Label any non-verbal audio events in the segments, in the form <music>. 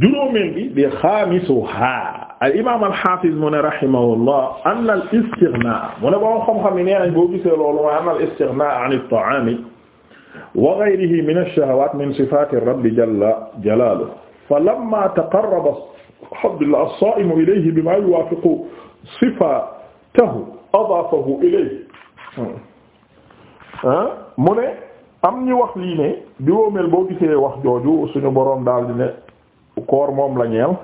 juróomeel bi di xaamisuha al imaam al xaafiz mu ne rahimahullah an al istighna mu ne boo xam-xam ne nee nañ boo gisee loolu mooy an al istighna an at-ta'aam wa ghayrihi min ash-shahawaat min sifaati rabbi jalla jalaaluhu falammaa taqarraba Abdullah as-saa'imu ilayhi bimaa yuwaafiqu sifaatahu adaafahu ilayhi mu ne am ñu wax lii ne juróomeel boo gisee wax jooju suñu boroom daal di ne koor moom la ñeel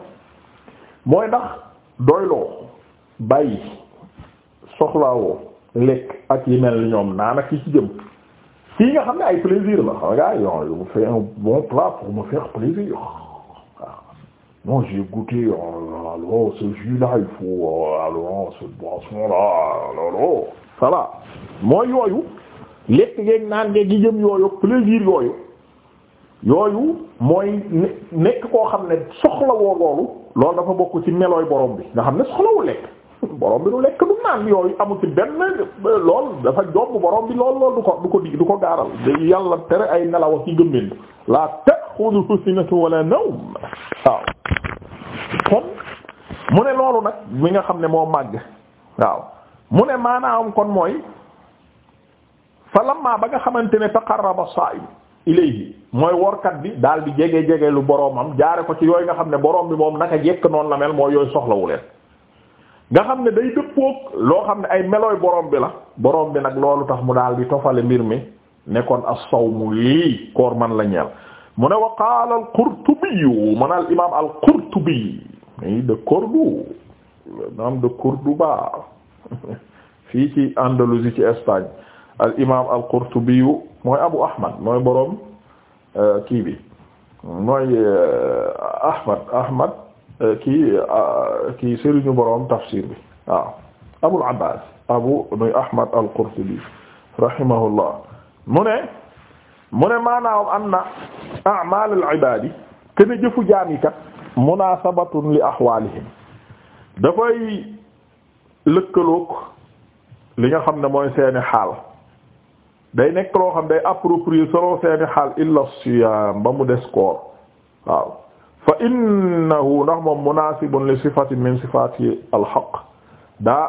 mooy ndax doyloo bàyyi soxlaawoo lekk ak yi mel ni ñoom naan ak yi ci jëm kii nga xam ne ay plaisir la xam nga yo je fais un bon plat pour me faire plaisir waaw ah, non j'ai goûté alors oh oh, ce jus là il faut oh, alors cette boisson là alors voilà mooy yooyu lekk geeg naan geeg yi jëm yooyu plaisir yooyu yooyu mooy nekk koo xam ne soxlawoo loolu loolu dafa bokk ci melooy borom bi nga xam ne soxlawu lekk <laughs> borom bi du lekk du naan yooyu amul ci benn lool dafa jomb borom bi lool du ko du ko di du ko yàlla tere ay nelaw ci gëmmin laa ta'khudhuhu sinatu wala nawm waaw kon mu ne loolu nag mi nga xam ne moo màgg waaw mu ne maanaam kon mooy fa lamma ba nga xamante ne taqarraba sa'im ilayhi mooy workat bi daal di jege jege lu boromam jaare ko ci yooyu nga xam ne borom bi moom naka jekk noonu la mel mooy yooyu soxlawu leen nga xam ne day dëppoog loo xam ne ay melooy borom bi la borom bi nag loolu tax mu daal di tofale mbir mi nekkoon sow mu lii koor man la ñeel mu ne wa qaala al-Qurtubi man al imaam al-Qurtubi nii de Cordoue naam de <laughs> fii ci Andalousie ci Espagne al imaam al qurtubi mooy abu ahmad mooy boroom euh, kii bi mooy euh, ahmad ahmad euh, kii kii sëriñu boroom tafsir bi waaw abul abbas abu nuy ahmad al qurtubi rahimahullah mu ne mu ne maanaam anna a'mal al ibadi kene jëfu jaam yi kat munaasabatun li ahwalihim dafay lëkkaloog li nga xam ne mooy seeni xaal day nekk loo xam day approprié selon seeni xaal illa siyaam ba mu des koor waaw fa innahu ndax moom munaasibun li sifatin min sifati alxaq daa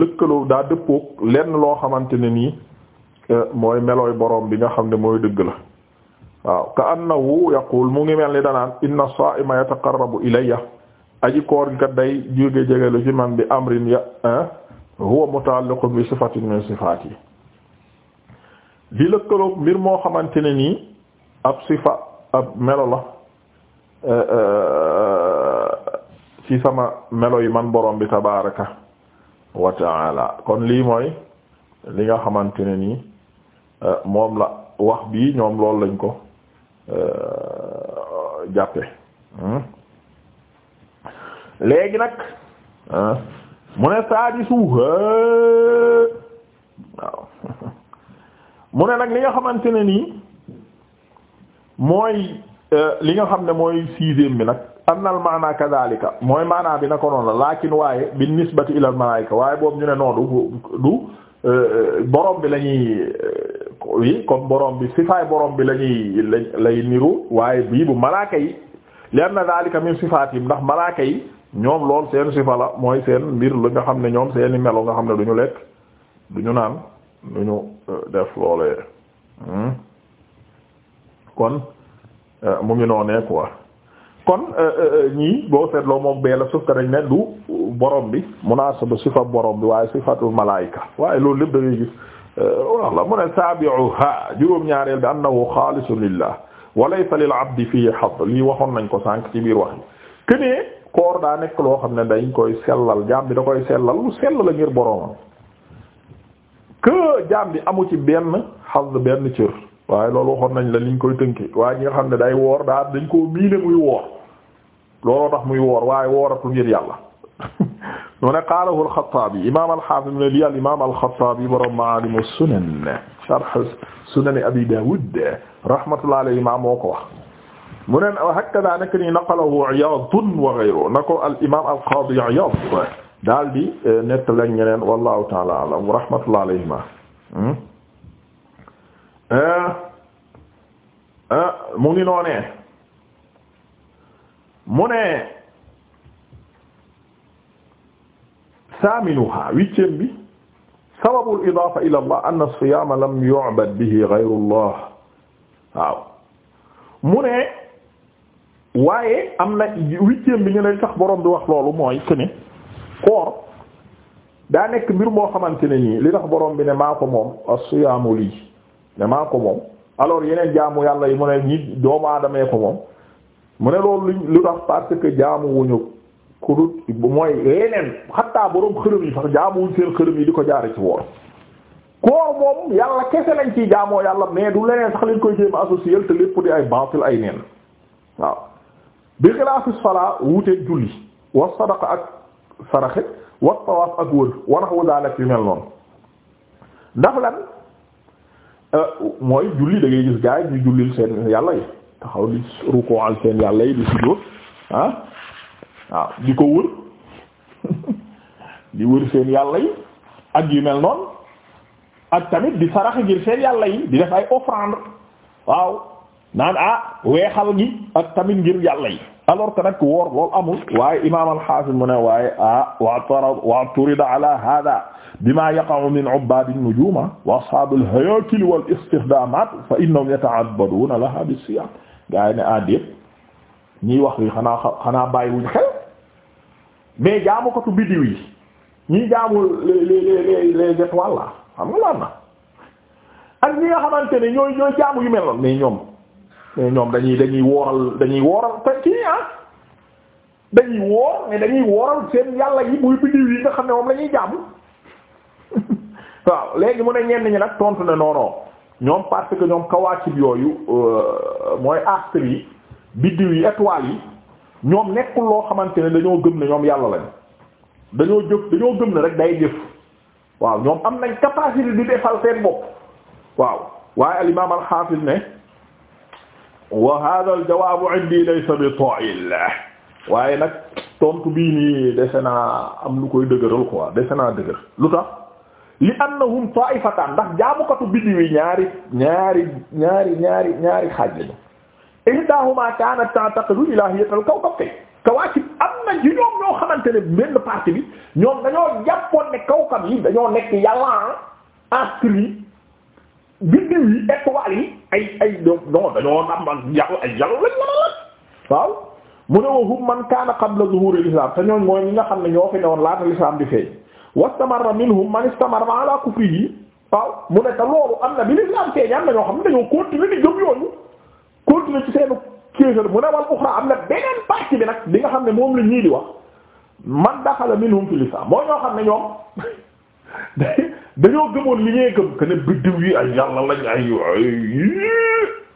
lëkkaloo daa dëppook lenn loo xamante ne nii eh, mooy melooy boroom bi nga xam ne mooy dëgg la waaw ka annahu yaqul mu ngi mel ni danaan inna saa'ima yataqarrabu ilayya aji koor gi kat day jóge jegelu ci man bi amrin ya eh, huwa muta'alliqun bi sifatin min sifati di lëkkaloog mbir moo xamante ne nii ab sifa ab melo la euh, euh, ci sama melo yi man borom bi tabaraka wa taala kon lii mooy li nga xamante ne nii euh, moom la wax bii ñoom loolu lañ ko jàppe hmm? léegi nag mu ne saadi mu ne nag li nga xamante ne nii mooy euh, li nga xam ne mooy sixième bi nag anna al maana kadhalika mooy maanaa bi na ko noonu la lakin waaye bi nisbati ila waaye boobu ñu ne noonu du euh, bi la ñuy wi euh, comme borom bi sifaay borom bi la ñuy lay niru waaye bii bu malaaka yi li anna dhalika min yi ndax malaaka yi ñoom lool seen sifa la mooy seen mbir lu nga xam ne ñoom seeni melo nga xam ne du ñu lekk du ñu naan du ñu def loolee hmm? kon euh, mu ngi noonee quoi kon euh, euh, ñii boo loo moom bee la suuf ka dañ ne du borom bi munaasaba sifa borom bi waaye sifatul malaayika waaye loolu lépp da ngay gis walla mu ne sabi'uha juróom-ñaareel bi annahu xaalisun lillah wa laysa lil abdi fihi hadd lii waxoon nañ ko sànq ci biir wax yi kenee daa nekk loo xam ne dañ koy sellal jaam bi da koy sellal lu sell la ngir boromam que jaam bi amu ci benn xas benn cër waaye loolu waxoon nañ la liñ koy tënki waaye ñi nga xam ne day woor daal dañ koo miine muy woor looloo tax muy woor waaye wooratul ngir yàlla <laughs> mu ne qaalahu al-Xattaabi imaam al-Haafiz ne lii al-imaam al-Xattaabi borom Maalimu Sunan sharh Sunani Abi Daawud rahmatullahi alayhi maa moo ko wax mu ne hakkadaa naqalahu Iyaad wa ghayruhu daal di eh, nettali ak ñeneen wallahu taala alam wa rahmatullah alayhima hmm? eh, eh, mu ngi noonee mu ne saaminuha huitième bi sababul idaafa ila allah anna as-siyaama lam yu'bad bihi ghayru allah waaw wax loolu mooy koor daa nekk mbir moo xamante ne nii li tax borom bi ne maa ko moom as-siyaamu lii ne maa ko moom alors yeneen jaamu yàlla yi mu ne ñi doomu aadamee ko moom mu ne loolu lu tax parce que jaamu wuñu ku dut mooy yeneen xattaa borom xërëm yi sax jaamu wuñ seen xërëm yi di ko jaare ci woor koor moom yàlla kese lañ ciy jaamoo yàlla mais du leneen sax lañ koy jéem associé lépp di ay baatil ay neen waaw bi xilaasis falaa wuteek julli wa sadaqa ak saraxe wa tawaaf ak wër wanax wu ak yu mel noonu ndax lan euh, mooy julli da gis gaa yi ñu jullil seen yàlla yi taxaw di rukkoo seen yàlla yi di sujjóot ah waaw di ko wër <laughs> di wër seen yàlla yi ak yu mel noonu ak tamit di sarax ngir seen yàlla yi di def ay waaw naan ah weexal gi ak tamit ngir yàlla yi alors que nag woor loolu amul waaye imaam al-Hafiz mu ne waaye ah wa turida ala hada bima yaqa'u min ubbad an-nujum wa ashab al-hayakil wal istixdamat fa innahum yata'abbaduna laha bis-siyam gaa yi ne addéet ah, ñiy wax yi xanaa xanaa bàyyi wuñ xel mais jaamukatu biddiw yi ñi jaamu les les étoiles la xam nga lan na ak ñi nga xamante ne ñooy ñooy jaamu yu mel noonu mais ñoom mais ñoom dañuy dañuy wooral dañuy wooral te kii ah, dañuy woor mais dañuy wooral seen yàlla yi muy biddiw yi nga xam ne moom la ñuy jàmm <laughs> waaw léegi mu ne ngeen ñi nag tontu ne non non ñoom parce que ñoom kawaakib yooyu euh, mooy astre yi biddiw yi étoiles yi ñoom nekkul loo xamante ne dañoo gëm ne ñoom yàlla lañ dañoo jëf dañoo gëm ne rek day jëf waaw ñoom am nañ capacité di defal seen bopp waaw waaye al imam al ne wa hadha al jawabu indi laysa bi ta'il waaye nag tontu bii nii dese naa am lu koy dëgëral quoi dese naa dëgër lu tax li annahum ta'ifataan ndax jaamukatu biddiw yi ñaari ñaari ñaari ñaari ñaari xaaj lañu ihdahuma kanat ta'taqidu ilahiyatal kawkab kay kawaakib am na ci ñoom ñoo xamante ne benn partie bi ñoom dañoo jàppoon ne kawkab yi dañoo nekk yàlla astre ah, yi ah, ah, biddiw yi ay ay do non dañoo nam ak yàlla waaw mu ne wa hum man kaana qabla zuhuril islam te ñooñ ñi nga xam ne ñoo fi newoon laata l'islam di feeñ wastamarra minhum man istamarra ala kufrihi waaw am na bi l'islam feeñ xam ne dañoo continuer di gëm yooyu continuer ci seenu kéefër mu ne wal uxra am na beneen partie bi nga xam ne moom la ñii di wax man daxala minhum fil islam mooy ñoo xam ne ñoom <laughs> dañoo gëmoon li ñuy gëm que ne biddiw yi ay yàlla lañ ay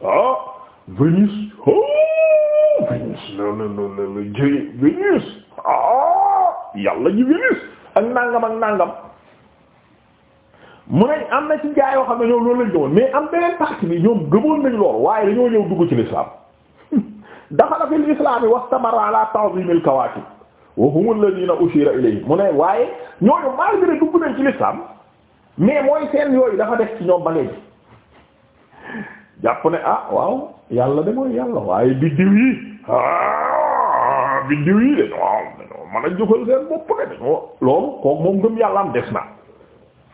ah Vénus oh Vénus la la la la jëli Vénus ah yàlla ji Vénus ak nangam ak nangam mu ne am na ci gaa xam ne ñoom loolu lañ gëmoon mais am beneen partie bi ñoom gëmoon nañ lool waaye dañoo ñëw dugg ci l'islam <laughs> la fil islam wastamara ala ta'zim al kawaakib wa hum alladhina ushira ilayhim mu ne waaye ñooñu malgré dugg nañ ci l'islam mais mooy seen yooyu dafa def ci ñoom ba léegi jàpp ne ah waaw yàlla de mooy yàlla waaye biddiw yi ah biddiw yi de waaw man a jëfal seen bopp de dañoo loolu kooku moom ngëm yàlla am des na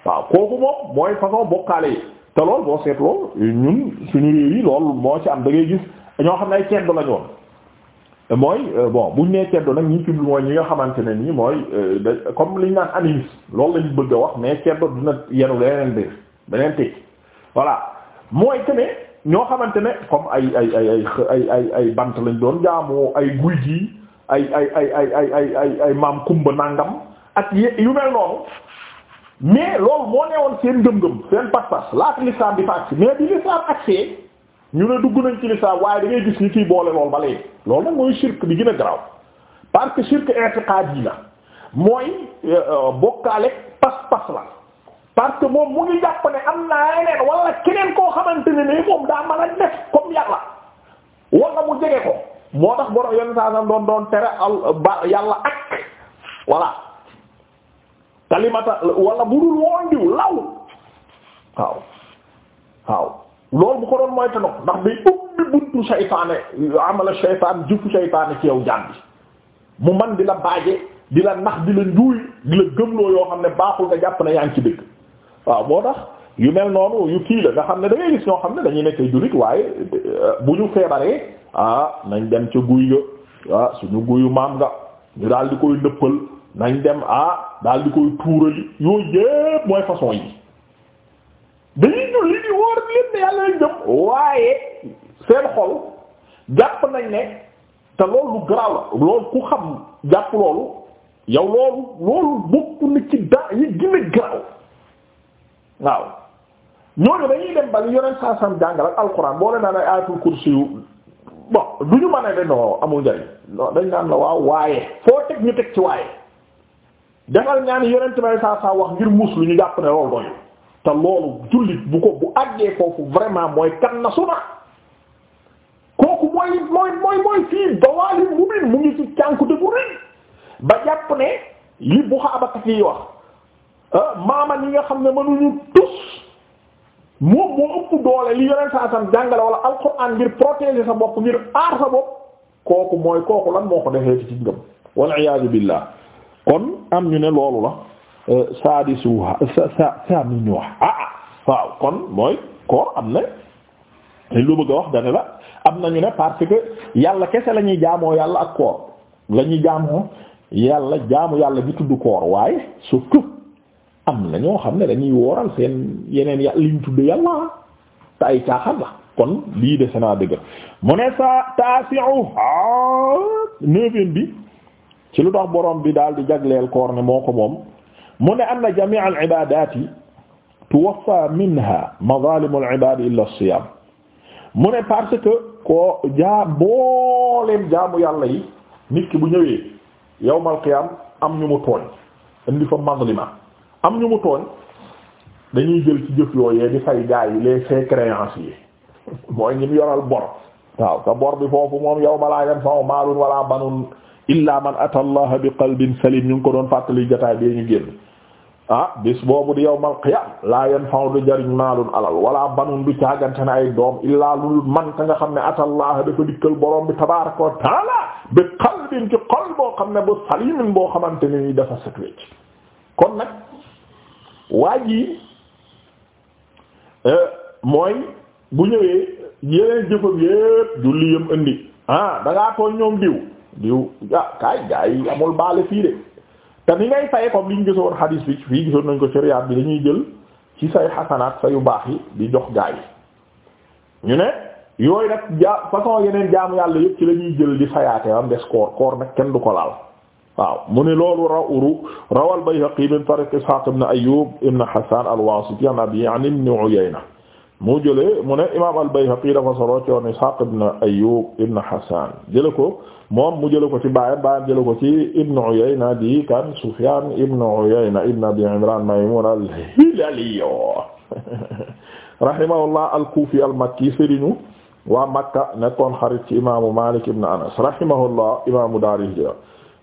waaw kooku moom mooy façon bokkaale yi te lool boo seet lool ñun suñu réew yi moo ci am da ngay gis ñoo xam ne ay ceddo lañu woon mooy bon buñ nee ceddo nag ñi ci mooy ñi nga xamante ne nii mooy comme liñ naan animisme loolu lañ bëgg a wax mais ceddo dina yenu leneen biir beneen tekki voilà mooy que ne ñoo xamante ne comme ay ay ay ay ay ay ay bant lañ doon jaamu ay guy gi ay ay ay ay ay ay ay maam kumba nangam ak yu mel noonu mais loolu moo woon seen gëm-gëm seen pas-pas laata l'islam di fa agsi mais bi l'islam agsee ñu ne dugg nañ ci lislaam waaye da ngay gis ñu ciy boole lool ba loolu mooy shirk bi gën a garaaw parce que shirk i'tiqaad yi la mooy euh, bokkaale pas-pas la parce que moom mu ngi jàpp ne am naa yeneen wala keneen koo xamante ne nii moom daa mën a def comme yàlla wala mu jege ko moo tax borom yenn saa sax doon doon tere al ba yàlla ak voilà kalimata wala bu dul woon law waaw waaw. loolu bu ko doon moytandiku ndax day ubbi buntu saytaane amala saytaan jëfu saytaane ci yow jàmbi mu man di la baaje di la nax di la njuuy di la gëmloo yoo xam ne baaxul nga jàpp ne yaa ngi ci dëkk waaw moo tax yu mel noonu yu kii la xam ne da ngay xam ne dañuy nekk jullit waaye euh, bu ñu feebaree ah nañ dem ca guy ga ah suñu guyu maam nga ñu daal di koy nëppal nañ dem ah daal di koy tuurali yooyu yépp mooy façon yi dañuy julli di wóor lépp ne yàlla lañ jëm waaye seen xol jàpp nañ ne te loolu lu garaaw la loolu ku xam jàpp loolu yow loolu loolu bokk na ci da yi gën a garaaw waaw ñooñu dañuy dem bali yoneen saasam jàngal ak alxuraan boo leen naa ay ayatul kursi yu bon du ñu mën a de amul njariñ dañ naan la waaw waaye foo teg ñu teg ci waaye defal ñaan yonent may saa saa wax ngir muus lu ñu jàpp ne loolu doyul te loolu jullit bu ko bu àggee foofu vraiment mooy kan na suna kooku mooy mooy mooy mooy fii dawaalin mu min mu ngi ci cànkute bu rëy ba jàpp ne li bu xaabakat yi wax ah, maama yi nga xam ne mënuñu tus moom moo ëpp doole li yoneen saa sam jàngale wala alquran ngir protéger sa bopp ngir aar sa bopp kooku mooy kooku lan moo ko defee ci ngëm wal iyaazu billah kon am ñu ne loolu la Euh, saadisuha sa sa saaminuha ah, ah waaw kon mooy koor am na lu bëgg a wax dane la am nañu ne parce que yàlla kese la ñuy jaamoo yàlla ak koor la ñuy jaamoo yàlla jaamu yàlla bi tudd koor waaye surtout am na ñoo xam ne dañuy wooral seen yeneen yàlla li ñu tudd yàlla te ay caaxaan la kon lii de sena dëgg mu ne sa taasiu neuvième bi ci lu tax borom bi daal di jagleel koor ne moo ko moom mu ne anna jamii al ibaadaati tuwaffa minha mazaalimu al ibaadi illa as-siyaam mu ne parce que koo jaa booleen jaamu yàlla yi nit ki bu ñëwee yawmal qiyaam am ñu mu tooñ indi fa mazlima am ñu mu tooñ dañuy jël ci jëf yooyee di fay gaa yi les faits créanciers <laughs> mooy ñi mu yoral bor waaw te bor bi foofu moom yawma laa yanfa'u maalun walaa banuun illa man ata bi qalbin salim ñu ngi ko doon fàttali jotaay bee ñu génn ah bis boobu di yawmal qiyaam laa yanfa'u du jariñ maalun alal wala banun du caagante ne ay doom illaa lu man ka nga xam ne ata allah dafa dikkal borom bi tabaaraka wa taala bi qalbin ci xol boo xam ne bu salimin boo xamante ne ni dafa set kon nag waa ji eh, mooy bu ñëwee yeneen jëfam yépp julli yam indi ah da ngaa ñoom diw. diw ah kaay gaa yi amul baale fii de te ni ngay faye comme li ñu gisoon hadis bi fii gisoon nañ ko ci Riyad bi dañuy jël ci say xasanaat sa yu baax yi di jox gaa yi ñu ne yooyu nag ja façon yeneen jaamu yàlla yëpp ci la ñuy jël di fayaate am des koor koor nag kenn du ko laal waaw mu ne loolu rawru rawal Bayhaqi min tariq Ishaq ibn Ayyub ibn Hasan al-Wasiti an Abi an ibn Uyayna mu jëlee mu ne imaam al-Bayhaqi dafa solo ci woon Ishaq ibn Ayyub ibn Hasan jële ko moom mu jële ko ci baayam baayam jële ko ci ibn Uyayna di kan Sufyan ibn Uyayna ibn Abi Imran Maymun al-Hilali rahimahullah al-Kufi al-Makki sëriñu waa Makka nekkoon xarit ci imaamu Malik ibn Anas rahimahullah imaamu Dar al-Hijra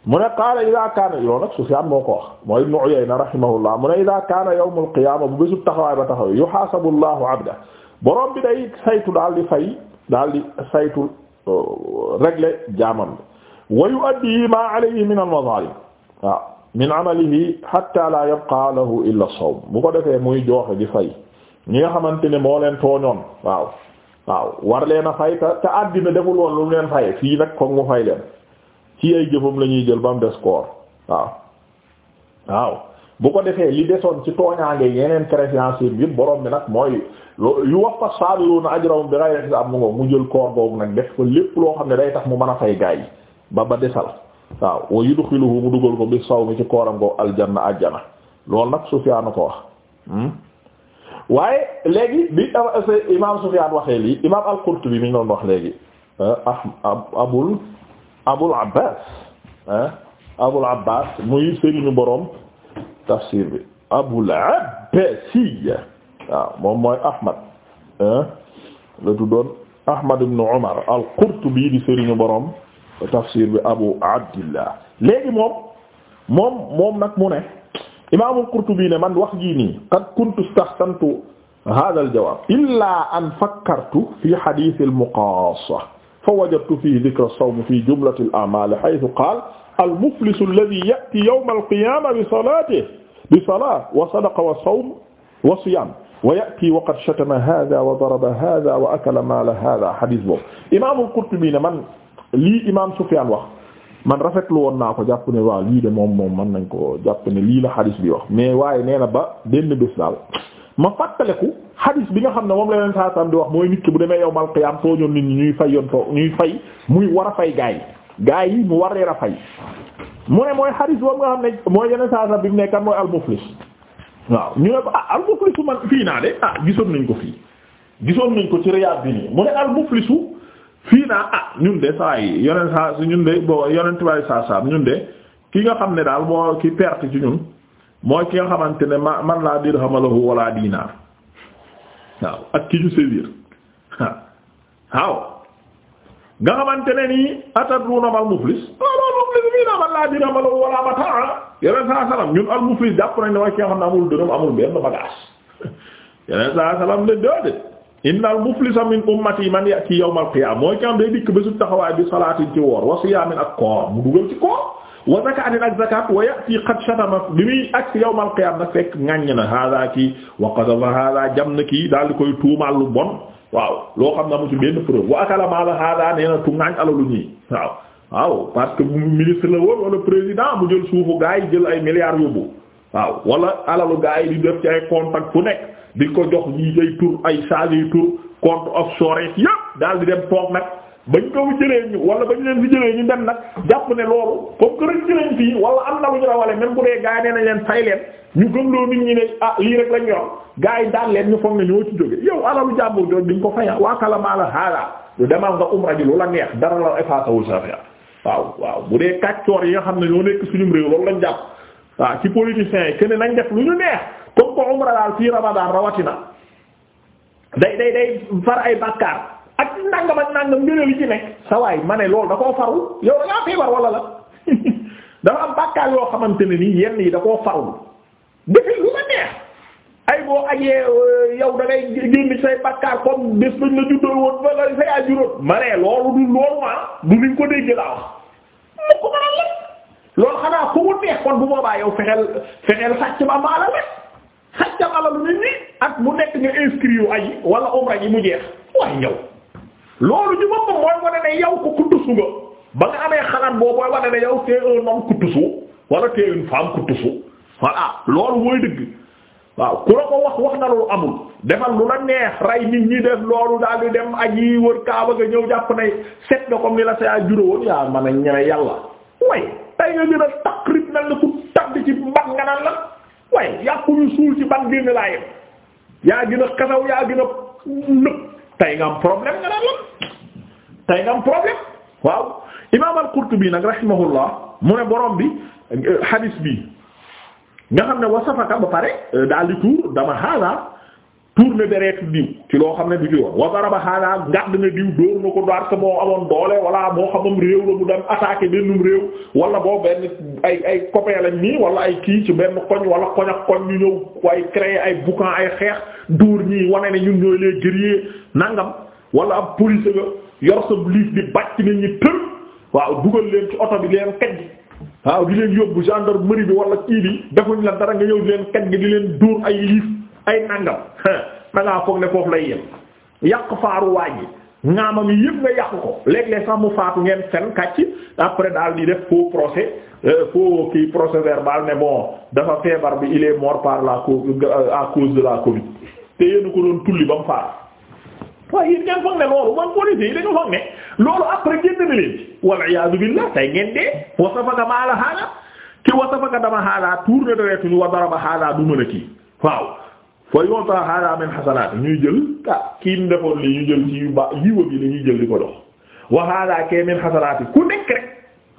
mu ne qaala ida kaana loolu nag Sufyaan moo ko wax mooy Ibnu Uyayna rahimahullah mu ne ida kaana yawmul qiyaama bu bésub taxawaay ba taxaw yuhaasabu Allahu abda borom bi day saytu daal di fay daal di saytu uh, régler jaamam wa yu'addi ma alayhi min al-mazaalim waaw min amalihi hatta la yabqa lahu illa as-sawm bu ko defee muy joxe di fay ñi nga xamante ne moo leen tooñoon waaw waaw war leen a fay te te àddina deful woon lu leen fay fii nag foog mu fay leen ci ay jëfam la ñuy jël ba mu des koor waaw waaw bu ko defee li desoon ci tooñaange yeneen créanciers yi yëpp borom bi nag mooy yu wax fa saabiruna ajrahum bi ghayri hisab mu ngo mu jël koor googu nag def ko lépp loo xam ne day tax mu man a fay gaay ba ba desal waaw wa yudxiluhu mu dugal ko bi saw mi ci kooram ko aljanna ajjana loolu nag Sufyaan ko wax hmm. waaye léegi bi imaam Sufyaan waxee lii imaam al-Qurtubi mi ñu doon wax léegi eh, abul Abul Abbas ah Abul Abbas muy sëriñu borom tafsir bi Abul Abbasi waaw moom mooy Ahmad ah la tuddoon Ahmad ibn Umar al-Qurtubi di sëriñu borom tafsir bi Abu Abdillah léegi moom moom moom nag mu ne Imaam al-Qurtubi ne man wax jii nii qad kuntu istahsantu hadha al-jawab illa an fakkartu fi hadith al-muqaassa fa wajadtu fihi dhikra as-sawm fi jumlati al-a'mal haythu qala al-muflisu alladhi ya'ti yawma al-qiyamah bi salatihi bi salati wa sadaqa wa sawm wa siyam wa ya'ti wa qad shatama hadha wa daraba hadha wa akala mala hadha hadith boobu imam al-Qurtubi ne man lii imam Sufyan wax man rafetlu woon naa ko jàpp ne waaw lii de moom moom man nañ ko jàpp ne lii la xadis bi wax mais waaye nee na ba benn bés daal ma fàttaleku xadis bi nga xam ne moom la leen saa sam di wax mooy nit bu demee yow mal qiyaam tooñoon nit ñi ñuy fay yoon too ñuy fay muy war a fay gaa yi gaa yi mu war leen a fay mu ne mooy xadis boobu nga xam ne mooy yeneen saa sam bi mu nekkan mooy almuflis waaw ñu ne ko ah almuflisu man fii naa de ah gisoon nañ ko fii gisoon nañ ko ci Riyad bi nii mu ne almuflisu fii naa ah ñun de saa yi yonent saa si ñun de boo yonent baay saa saam ñun de ki nga xam ne daal moo ki perte ci ñun mooy ki nga xamante ne ma man laa dirham lahu wala diinaar waaw ak ki <laughs> xamante ne nii atadruna mal muflis ah looloo muflis fii naa man laa dirham lahu wala saa salaam ñun al muflis jàpp nañ ne mooy ki nga xam ne amul dërëm amul benn bagage <laughs> yonent saa salaam ne déedéet innal muflisa min ummati man ya'ti yawmal qiyaama mooy kam day dikk bésu taxawaay bi salaatin ci woor wa siyaamin ak koor mu dugal ci koor wa zakaatin ak zakat wa ya'ti qad shatama bi muy ak yawmal qiyaama nag fekk ŋaññ na haadaa kii wa qadafa haadaa jam na kii daal di koy tuumaal lu bon waaw loo xam ne amu ci benn preuve wa akala maala haadaa nee tu ŋaañ alalu ñii waaw. waaw parce que ministre la woon wala président mu jël suufu gaa jël ay di ko jox ñi ay tur ay saag yu tur compte offshore yëpp daal di dem toog nag bañ ko jëlee ñu wala bañ leen fi jëlee ñu dem nag jàpp ne loolu comme que rek jëlee fii wala am na lu ñu rawale même bu dee gaa nee nañ leen fay leen ñu gëmloo nit ñi ne ah lii rek lañ yor gaa yi daal leen ñu foog ne ñoo ci jóge yow alalu jàmbur jooju diñ ko faya waa kala maala haala lu demal nga umra ji lu la neex dara la effacé wul sa affaire waaw waaw bu dee kàccoor yi nga xam ne ñoo nekk suñu réew loolu lañ waaw ci politiciens yi kenn nañ def lu ñu neex comme ko umra daal fii Ramadan rawatina day day day far ay bàkkaar ak nangam ak nangam ngëneel li ci nekk sa waay ma ne loolu da koo faru yow <laughs> yoo xamante ne nii yenn yi da koo faru ma neex ay boo ajee euh, yow da ngay génn say bàkkaar comme bés bañ la juddoo woon ba ma ne loolu loolu xanaa ku mu neex kon bu boobaa yow fexeel fexeel sàcc ma maala la sàcc ma la lu nit ak mu nekk nga inscrire ay wala umra yi mu jeex waaye yow loolu ñu boppam mooy wane ne yow ko kuttusu nga ba nga amee xalaat boobu mooy wane ne yow c'est un homme kuttusu wala c'est une femme kuttusu waaw ku la ko wax wax na lu amul defal lu la neex rey nit ñi def loolu daal di dem aji wër kaaba nga ñëw jàpp ne set nga comme ni la sa yaa juróom yaa man a ñeme yàlla way tey nga gën a taqrib mel ni ku tabb ci ban nga naan la waaye yàqu ñu ci ban génn laa yaa gën a xasaw yaa gën a nëb tey nga am problème nga naan la tey nga am problème waaw imaam al-Qurtubi nag rahimahullah mu ne borom bi eh, hadis bi nga xam ne wasafaka ba pare eh, daal di tuur dama hada tourné dereetu diw ci loo xam ne du ci yoon wa daraba xaaral gàdd na diw dóor na ko doar que moo amoon doole wala moo xamam réew la mu dem attaqué bennum réew wala boo benn ay ay copain lañ nii ay kii ci benn koñ wala koñ ak koñ ñu ñëw waaye créé ay boucan ay xeex dóor ñii wane ne ñun ñooy les guerriers nangam wala ab police nga yor sa liif di bàcc nit ñi tër waaw dugal leen ci oto bi leen kaj waaw di leen yóbbu gendarmerie bi wala kii bi defuñ la dara nga ñëw di leen kaj gi di leen dóor ay liif ay nangam da ngaa foog ne foofu lay yem yàq faaru waa ji ŋaamam yëpp nga yàq ko léeg-léeg sax mu faatu ngeen fen kàcc après daal di def faux procès euh, faux kii procès verbal ne bon dafa feebar bi il mort par la euh, à cause de la Covid te yéen ko doon tulli ba mu faatu. waaye yéen ngeen foog ne loolu man policier yi dañu foog ne loolu après génn na leen wal iyaadu billah tey ngeen dee wasafaka maa la xaala ki wasafaka dama xaala tour de fa yu'ta hada min xasanaat ñuy jël ah kii mu defoon li ñu jël ci yu ba yiwa bi li ñuy jël di ko dox wa hada kee min xasanaat yi ku nekk rek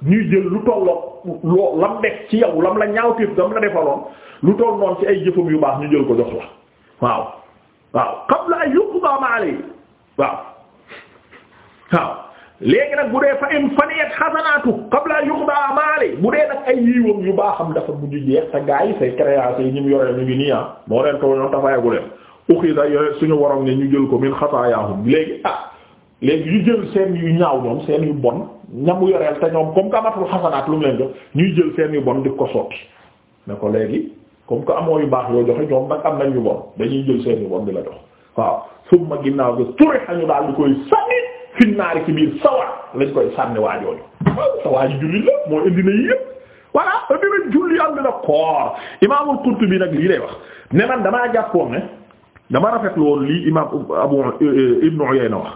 ñuy jël lu tolloo loo lam nekk ci yow lam la ñaawteef dam la defaloon lu toll noonu ci ay jëfam yu baax ñu jël ko jox la waaw waaw qabla an yuqda ma alayhi waaw waaw léegi nag bu dee fa in faniyat xasanaatu qabla yuqda maali bu dee nag ay yiiwam yu baaxam dafa mujj jeex te gaa yi say créances yi ñim yoree ñu ngi nii ah moo leen toog ñoom tafayagu leen uxida yore suñu waroon ne ñu jël ko min xataayaahum léegi ah léegi yu jël seen yu ñaaw ñoom seen yu bon ñamu yoreel te ñoom comme que amatul xasanaat lu mu leen jox ñuy jël seen yu bon di ko sotti ne ko léegi comme ko amoo yu baax yoo joxe ñoom nag am nañ yu bon dañuy jël seen yu di la jox waaw summa di koy finnaari ci biir sawar lañ koy sànni waajooju sa waaji julli la moo indi na yëpp voilà indi na julli am dina koor imaamul Qurtubi nag lii lay wax ne man damaa jàppoon ne dama rafet loolu lii imaam Abu eh, Ibnu Uyayna wax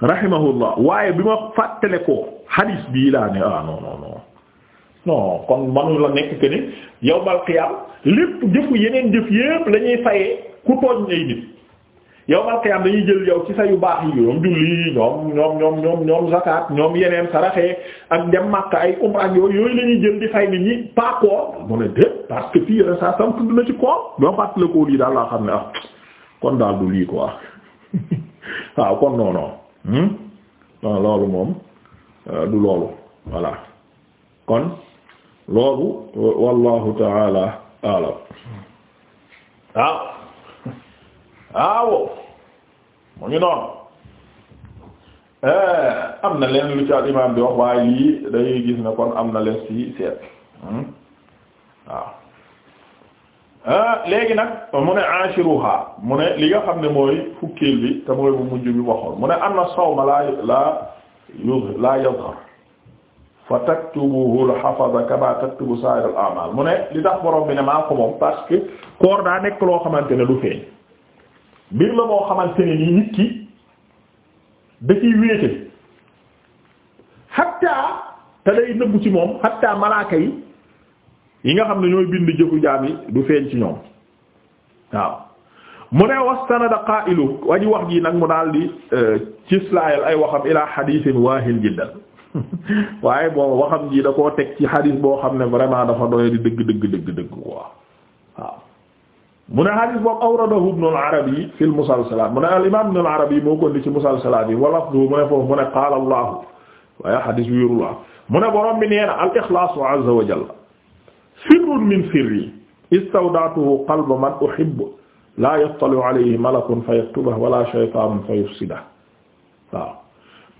rahimahullah waaye bi ma fàttale ko hadis bii laa ne ah non non non non kon manu nekk que ni yawmal lépp jëfu yeneen jëf yépp la ñuy ku tooñ ay nit yow man qiyaam dañuy jël yow ci sa yu baax yi ñoom julli ñoom ñoom ñoom ñoom ñoom ñoom yeneen saraxee ak dem Makka ay umra ak yooyu yooyu la ñuy jël di fay nit ñi pas mu ne dé parce que fii yeneen saa sam tudd na ci koor doo fàtt la koo lii daal laa xam ne ah kon daal du lii quoi <laughs> waaw kon non non hmm? loolu moom euh, du loolu voilà kon loolu wallahu taala alam waaw ah. waaw mu ngi noonu eh, am na leen lu ci al imaam bi wax waaye lii dañuy gis ne kon am na leen ci seet hmm? waaw eh, léegi nag mu ne ashiruha mu ne li nga xam ne mooy fukkeel bi te mooy bu mujj bi waxoon mu ne am na sawma laa laa yu laa yadhar fa taktubuhu al-hafaza taktubu sa'ir al-a'mal mu ne li tax borom bi ne maa ko moom parce que koor daa nekk loo xamante ne du feeñ mbir ma moo xamante ne nii nit ki da ciy wéete xattaa te lay nëbbu ci moom xattaa malaaka yi yi nga xam ne ñooy bind jëfu jaam yi du feeñ ci ñoom waaw mu ne wastanada qaa'ilu waji wax ji nag mu daal di euh, cislaayal ay waxam ilaa xadiisin waahil jiddan <laughs> waaye boobu waxam ji da koo teg ci xadiis boo xam ne vraiment dafa doy di dëgg dëgg dëgg dëgg waaw waaw mu ne hadis boobu awradahu ibnu al-Arabi fi al-musalsalaat mu ne al-imaam ibnu al-Arabi moo ko indi ci musalsalaat yi wa lafduhu mu ne foofu mu ne qaala Allahu waaye hadis wéeru la mu ne borom bi nee na al-ikhlaasu azza wa jalla sirrun min sirri istawda'tuhu qalba man uhibbu laa yattali'u alayhi malakun fayaktubahu wala shaytaanun fayufsidahu waaw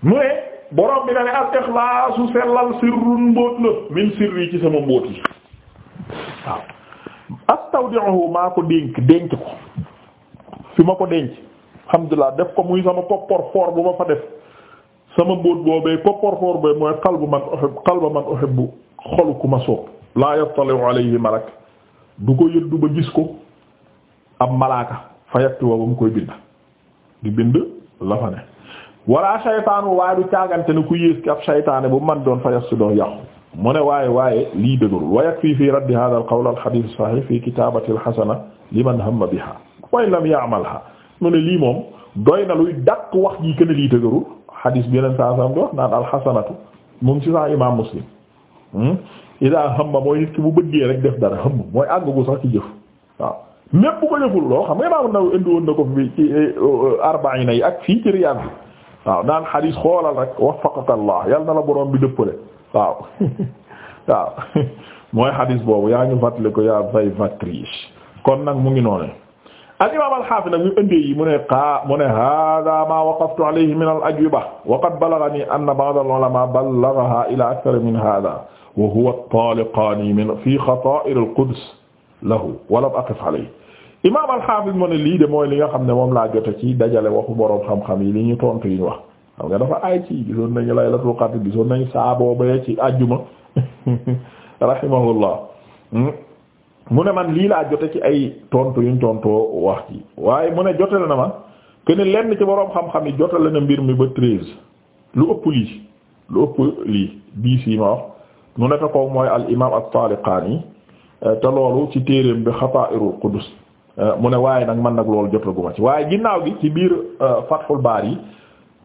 mu ne borom bi na ne al-ikhlaasu sellal sirrun mbóot la min sirri ci sama mbóot yi astawdi'uhu maa ko dénk dénk ko fi ma ko dénk alhamdulilah def ko muy sama porte-fort bu ma fa def sama mbóot boobee porte-fort boobee mooy qalbu man uhibbu qalbu man uhibbu xolu ku ma soob laa yattali'u alayhi malak du ko yëddu ba gis ko ab malaaka fa yaktubu ba mu koy bind di bind la fa ne walla shaytaanu waaye du càggante ne ku yées ki ab shaytaane bu man doon fa yas doon yàqu mu ne waaye waaye lii dëgërul wa yakfi fi raddi hadha al qawl al hadith sahih fi kitabati al hasana liman hamma biha wa in lam ya'malha mu ne lii moom doy na luy dàq wax ji kën a lii dëgërul hadith bi yeneen saa sam di wax naan al hasanatu mu ngi ci sax imam muslim hmm? ida hamma mooy nit ki bu bëggee rek def dara hamm mooy àggagu sax ci jëf waaw même bu ko jëful loo xam nga imam Nawawi indi woon na ko fi ci eh, eh, eh, arbaina yi ak fii ci Riyad bi waaw daan xadiis xoolal rek waffaqaka Allah yal na la borom bi dëppale waaw <laughs> waaw <laughs> mooy xadiis boobu yaa ñu fàttali ko yaa vay vatrice kon nag mu ngi noonu al imam alxaafis nag ñu ëndee yi mu ne xaa mu ne hada ma waqaftu alayhi min al ajwiba wa qad balagani anna ba'd al ulama ballaghaha ila akthar min hada wa huwa at-taliqani min fi khata'ir al quds lahu wa lam aqif alayhi imaam alxaafis mu ne lii de mooy li nga xam ne moom laa jote ci dajale waxu boroom xam-xam yi li ñu tontu yu ñu wax xam nga dafa ay ci gisoon nañu laylatul qadr gisoon nañu saa boobee ci àjjuma <laughs> rahimahullah mu ne man lii laa jote ci ay tontu yuñ tontoo wax ci waaye mu ne jotale na ma que ne lenn ci boroom xam-xam yi jotale na mbir mi ba treize lu ëpp lii lu ëpp lii dix yi ma wax mu ne ko mooy al imaam at-Taliqaani eh, te loolu ci téereem bi Xataa-irul Qudus Euh, mu ne waaye nag man nag loolu jotaguma ci waaye ginnaaw gi ci biir euh, Fathul Bari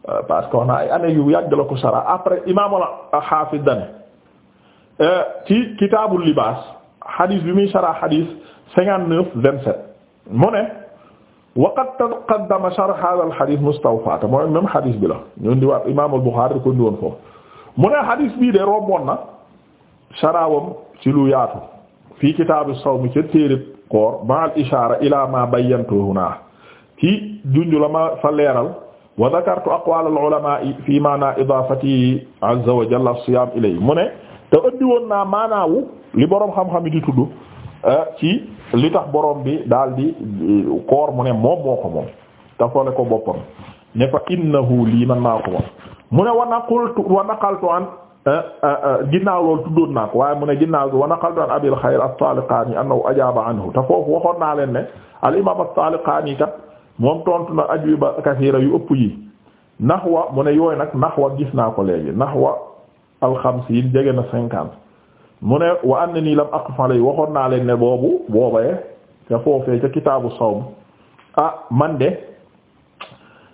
euh, parce que wax na ay après imaamul Hafiz dane ci kitaabul libaas xadis bi muy sara xadis cinquante neuf vingt sept mu ne waqad taqaddama sharh hadha al xadis mustawfaata mooy même xadis bi la ñun di waat imaamul Buxaari ko ndiwoon foofu ci lu yaatu fii koor ma al ishaara ila ma bayyantu huna ci junj la ma fa leeral wa dhakartu aqwaal al ulamaa fi maana idaafati azza wa jalla as-siyaam ilay mu ne te ëndi woon naa maanaawu li boroom xam-xam yi di tudd eh, ci li tax boroom bi daal di koor mu ne moom moo ko moom tafale ko boppam ne fa innahu lii man maa mu ne wa naqaltu an Eh, eh, eh, ginnaaw loolu tuddoon naa ko waaye mu ne ginnaaw bi wa naqaltu an abil xayr at-Taliqani annahu ajaaba anhu te foofu waxoon naa leen ne al imam at-Taliqani kat moom tontu na ajwiba kasiira yu ëpp yi naxwa mu ne yooyu nag nax wa gis naa ko léegi naxwa al-xamsiin jege na cinquante mu ne wa na annani lam aqif alay waxoon naa leen ne boobu boobaye te foofee ca kitaabu sawm ah, man de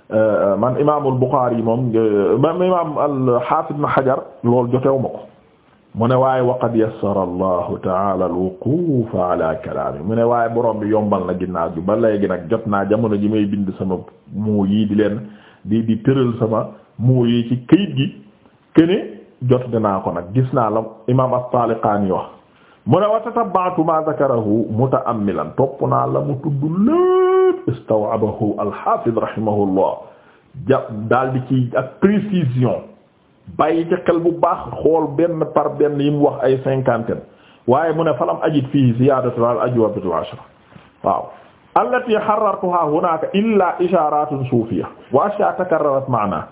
man imaamul Buxaari moom man imaam al-Haafiz Ibn Hajar loolu jotewu ma ko mu ne waaye waqad yassara Allahu ta'ala al-wuquuf ala kalaami mu ne waaye borom bi yombal na ginnaaw bi ba léegi nag jot naa jamono ji may bind sama moo yi di leen di di tëral sama moo yi ci këyit gi këne jot dinaa ko nag gis naa la imaam at-Taaliqaani wax mu ne wa tatabba'tu ma zakarahu muta'ammilan topp naa la mu tudd yëpp istawabahu alxaafid rahimahullah ja daal di ci ak précision bàyyi ca xel bu baax xool benn par benn yi mu wax ay cinquantaine waaye mu ne falam ajid fii ziyaadatu al ajwabatu ashra waaw allati harrartuha hunaka illa isharatun sufiyya wa ashya takarrarat ma'na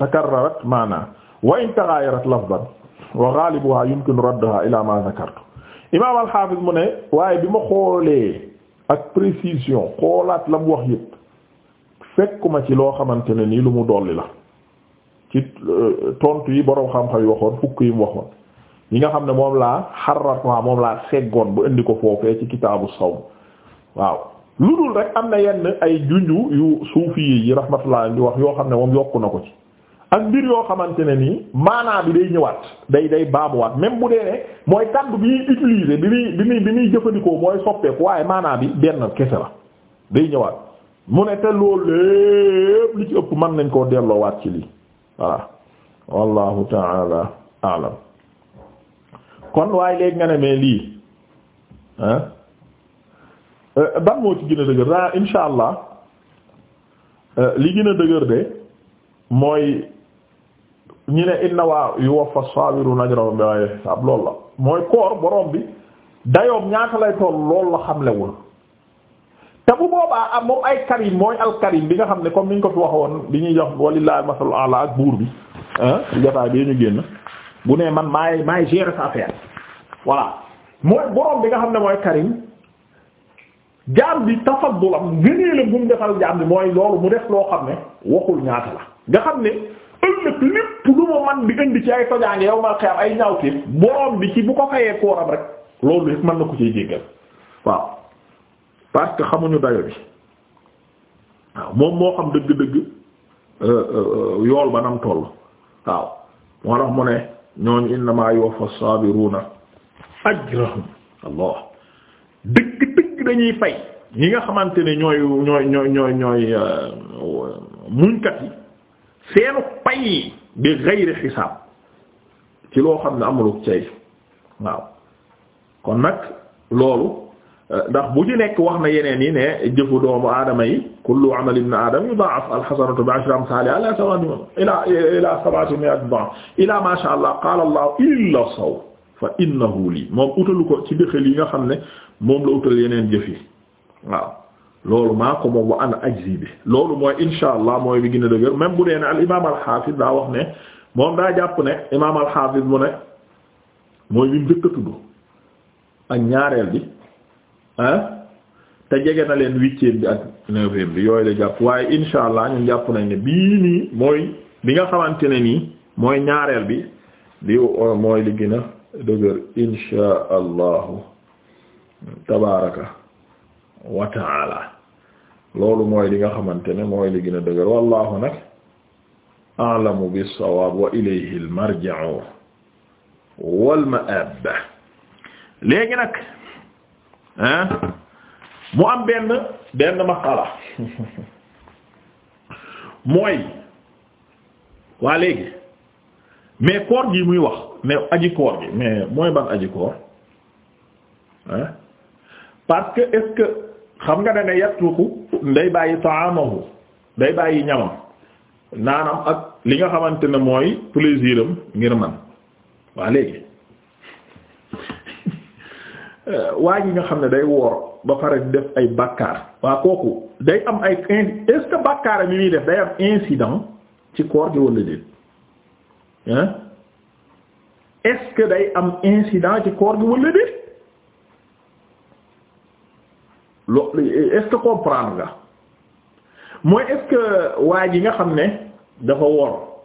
takarrarat ma'na wa in taghayyarat lafzan wa ghalibuha yumkinu raddaha ila ma dhakartu imam al-hafiz mu ne waaye bi ma xoolee ak précision xoolaat la mu wax yépp fekkuma ci loo xamante ne nii lu mu dolli la ci euh, tontu yi boroom xam-xam yi waxoon fukk yi mu waxoon yi nga xam ne moom laa xarrat moom laa seggoon bu indi ko foofee ci kitaabu sawm waaw lu dul rek am na yenn ay junju yu suufi yi rahmatullah di wax yoo xam ne moom yokku na ko ci ak mbir yoo xamante ne nii maanaa bi day ñëwaat day day baamuwaat même bu dee ne mooy kàddu bi ñuy utiliser bi muy bi muy bi muy jëfandikoo mooy soppeeku waaye maanaa bi benn kese la day ñëwaat mu ne te loolu lépp li ci ëpp mën nañ koo delloowaat ci lii voilà wallahu taala alam kon waaye léegi nga ne mais lii ah ban ci gën a dëgër daa insha allah euh, li gën a dëgër de mooy ñi ne inna waa yuwaffa sabiruna ajrahum bighayri hisab loolu la mooy koor borom bi dayoom ñaata lay toll lool la xamlewul te bu boobaa am moom ay karim mooy alkarim bi nga xam ne comme ni ñu ko fi waxoon bi ñuy jox walillahi masalul ala ak bi ci jotaay génn bu ne man maay maay gérer sa affaire voilà nga xam ne mooy karim jaam bi tafaddulam gënee la bu mu defal jaam bi mooy loolu mu def loo xam ne waxul ñaata la nga xam ne ëllëg lépp lu ma man di indi ci ay tojaange yow ma ay ñaawteef borom bi ci bu ko xayee kooram rek loolu rek mën na ko ci jéggal waaw parce que xamuñu dayo bi waaw moom moo xam dëgg-dëgg euh, euh, yool ba nam toll waaw moo tax mu ne ñooñ innama yuwaffa as-sabiruna allah dëgg-dëgg dañuy fay ñi nga xamante ne ñooy ñooy ñooy ñooy ñooy euh, muñkat yi seenu pay bi gayri xisaab ci loo xam ne amuluk cay waaw kon nag loolu ndax bu ci nekk wax na yeneen yi ne jëfu doomu aadama yi kullu amal ibn adam yudaaf alxasanatu bi ashri amsaalihaa ilaa sab'ati ilaa ilaa sab'ati ilaa maa shaa allah qaala allah illa sawm fa innahu lii moom utalu ko ci dëxal yi nga xam ne moom la utal yeneen jëf yi waaw loolu maa ko moom wa ana ajzi bi loolu mooy insha allah mooy bi a dëgër même bu dee ne al imaam al xaafis daa wax ne moom daa jàpp ne imaam al xaafis mu ne mooy bi mu njëkk tudd ak ñaareel bi ah te jege na leen huitième bi ak neuvième yooyu la jàpp waaye insha allah ñun jàpp nañ ne bii nii mooy bi nga xamante ne nii mooy ñaareel bi di mooy li dëgër insha tabaaraka wa loolu mooy li nga xamante ne mooy li gën a dëgër wallahu nag a'lamu bis-sawaab wa ilayhi al-marji'u wal ma'aab léegi nag ah mu am benn benn masala <laughs> mooy waa léegi mais koor gi muy wax mais aji koor gi mais mooy ban aji koor ah parce que est que xam nga ne ne yatruku day bàyyi ta'amahu day bàyyi ñamam naanam ak li nga xamante ne mooy plaisir am ngir man waa léegi <laughs> waa yi nga xam ne day woor ba pare def ay bàkkaar waa kooku day am ay in est ce mi muy def day am incident ci koor gi wala déet hein est day am incident ci koor gi wala déet lo est-ce comprendre nga mooy est-ce que waa ji nga xam ne dafa wor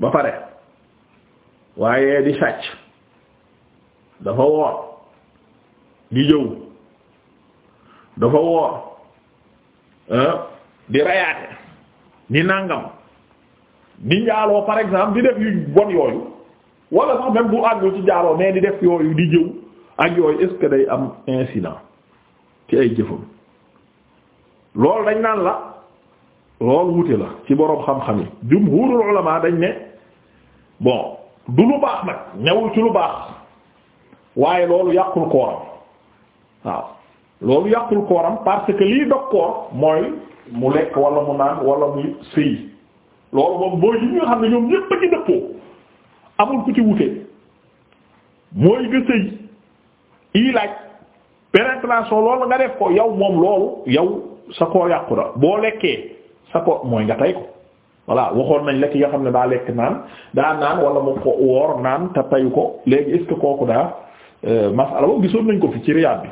ba pare waaye di sàcc dafa wor di jëw dafa wor di rayaate di nàngam di njaaloo par exemple di def yu bon yooyu wala sax même bu àggul ci njaaloo mais di def yooyu di jëw ak yooyu est-ce day am incident ci ay jëfam loolu dañ naan la loolu wute la ci boroom xam-xam yi jumhurul ulama dañ ne bon du lu baax nag ñawul ci lu baax waaye loolu yàqul kooram waaw loolu yàqul kooram parce que liy dog koor mooy mu lekk wala mu naan wala muy sëy loolu moom mooy li nga xam ne ñoom ñépp a ci dëppoo amul ku ci wute mooy nga sëy ii laaj pénétration loolu nga def ko yow moom loolu yow sa koo yàqu na boo lekkee sa ko mooy nga tey ko voilà waxoon nañ lekk yi nga xam ne daa lekk naan daa naan wala mu ko woor naan te tayu ko léegi est kooku daa euh, masala boobu gisoon nañ ko fi ci riyaat bi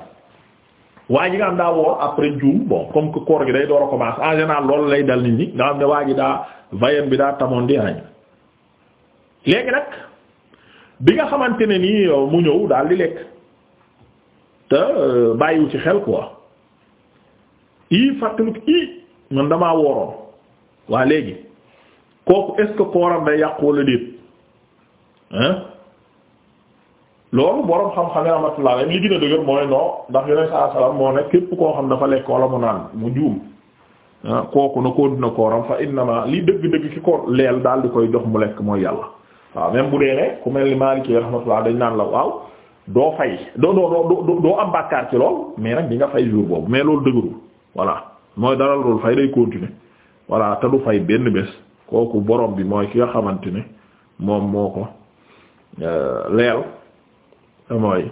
waa ji nga xam daa woor après juum bon comme que koor gi day door a commencer en général loolu lay dal nit ñi nga xam ne waa ji daa vayem bi daa tamoon di añ léegi nag bi nga xamante ne nii mu ñëw daal di lekk te euh, bàyyiwu ci xel quoi i fàttaliku i man damaa wooroon waa léegi kooku est-ce que kooram day yàqu wala déet hein loolu boroom xam-xam ne rahmatullah li gën a dëgër mooy non ndax yeneen saa salaam moo ne képp koo xam dafa lekk la mu naan mu juum ah, kooku na koo dina kooram fa innama li dëgg-dëgg ki ko leel daal di koy jox mu lekk mooy yàlla waaw même bu dee ne ku mel ni Maliki rahmatullah dañ naan la waaw. doo fay doo doo doo doo am bàkkaar ci lool mais nag di nga fay jour boobu mais loolu dëgërul voilà mooy dara loolu fay day continuer voilà te du fay benn bés kooku borom bi mooy ki nga xamante ne moom moo ko euh, leel te mooy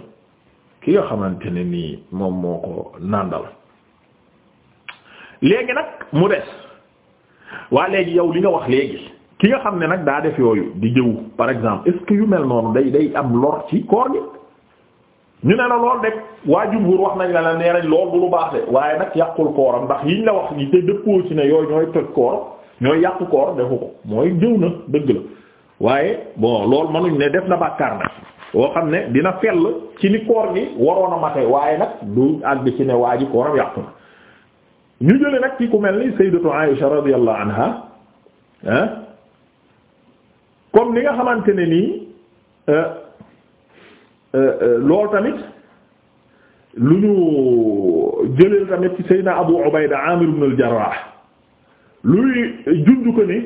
ki nga xamante ne nii moom moo ko nàndal léegi nag mu des waa léegi yow li nga wax léegi ki nga xam ne nag daa def yooyu di jëw par exemple est-ce que yu mel noonu day day am lor ci koor gi ñu ne la lool de waa jumhur wax nañ la la nee nañ lool bu lu baax waaye nag yàqul kooram ndax yiñ la wax yi te dëppoo ci ne yooyu ñooy toj koor ñooy yàqu koor defu ko mooy jëw na dëgg la waaye bon loolu mënuñ ne def na bàkkaar nag boo xam ne dina fell ci ni koor gi waroon a mate waaye nag du àgg ci ne waa kooram yàqu na ñu jële nag ci ku mel ni sayyidatu Aisha radiyallahu anha ah comme ni nga xamante ne nii euh, Euh, euh, lool tamit lu ñu jëleel tamit ci Seydina Abu Ubayda Amir ibn al-Jarrah luy jundu ko ne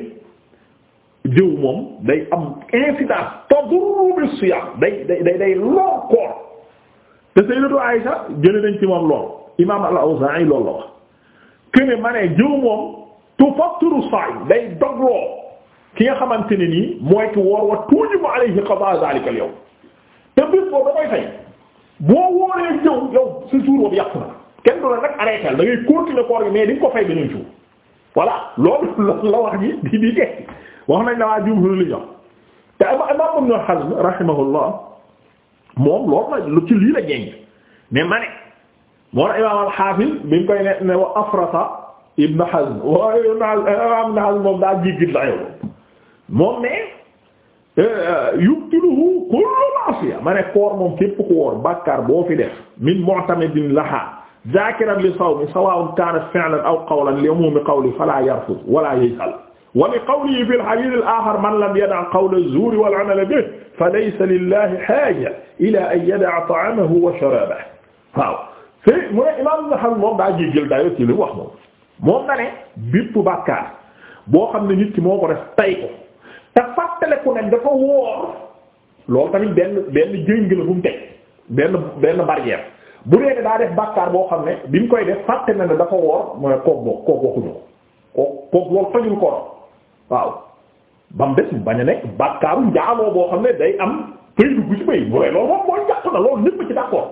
jëw moom day am incidence tadurru bi siyam day day day day te Sayyidatu Aïsha jële nañ ci moom lool imam al-Awza'i loolu la wax kene ma ne jëw moom tufatturu sa'im day dogloo ki nga xamante ne nii mooy ki woor wa tujibu alayhi qada zalika al-yawm te bis boobu da koy fay boo wooree ñëw yow sa jour boobu yàqu na kenn du la nag arrêté da ngay continuer koor gi mais di ko fay beneen jour voilà loolu <laughs> la wax ji di di teg wax nañ la waa jumhur li ñox te imam Ibn Hazm rahimahullah moom loolu la lu ci lii la jéng mais ma ne moo imam al-Hafiz bi nga koy ne ne wa afrata Ibn Hazm moom daa jiggit la yow moom ne Euh, euh, yubtiluhu kullu ma'siya ma ne koor moom képp ku woor bàkkaar boo fi def min mu'tamidin laha zakiran li sawmi sawa'un kana fi'lan aw qawlan li umumi qawli fala yarfud wala yaysal wa li qawlihi fi al-hadith al-akhar man lam yada' qawla az-zuri wal 'amala bihi falaysa lillahi haja ila an yada'a ta'amahu wa sharabahu waaw fi mu ne imam Ibn moom daa jéggal dayo ci li wax moom moom na ne bépp bàkkaar boo xam ne nit ki moo ko def tay ko te fàttaleku nag dafa wóor loolu tamit benn benn jéng la bu mu teg benn benn bu dee ne daa def bàkkaar boo xam ne bi mu koy def fàtte na ne dafa wóor mooy koog boo koog waxuñu ko koog koog loolu tojul waaw ba mu des bañ a nekk bàkkaaru njaaloo boo xam ne day am fay dugg ci bay mooy loolu moom mooy jàpp na loolu ñépp ci d'accord